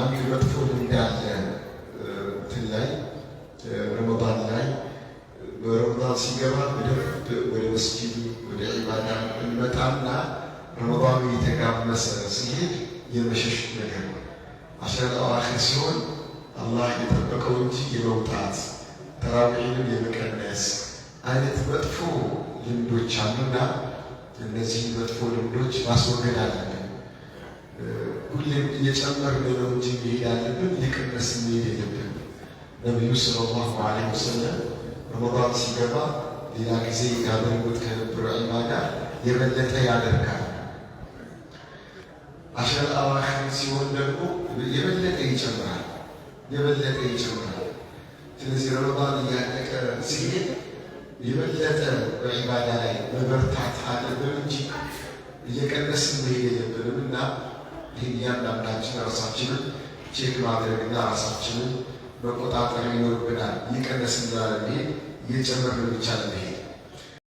አንድ መጥፎ ልምድ ያለ እንትን ላይ ረመዳን ላይ ረመዳን ሲገባ በደንብ ወደ መስጂዱ ወደ ዒባዳ እንመጣና ረመዳኑ የተጋመሰ ሲሄድ የመሸሽ ነገር ነው። አሽረል አዋኺር ሲሆን አላህ የጠበቀው እንጂ የመውጣት ተራዊሕንም የመቀነስ አይነት መጥፎ ልምዶች አሉና እነዚህ መጥፎ ልምዶች ማስወገድ አለን። ሁሌም እየጨመርን ነው እንጂ መሄድ ያለብን እየቀነስ መሄድ የለብን። ነቢዩ ሰለላሁ ዐለይሂ ወሰለም ረመዳን ሲገባ ሌላ ጊዜ ያደርጉት ከነበረ ዒባ ጋር የበለጠ ያደርጋል። አሸር አዋኺር ሲሆን ደግሞ የበለጠ ይጨምራል፣ የበለጠ ይጨምራል። ስለዚህ ረመዳን እያለቀ ሲሄድ የበለጠ በዒባዳ ላይ መበርታት አለብን እንጂ እየቀነስን መሄድ የለብንም እና ግን እያንዳንዳችን ራሳችንን ቼክ ማድረግና ራሳችንን መቆጣጠር ይኖርብናል። ይቀነስልናል። ይሄ እየጨመርን ብቻ ለመሄድ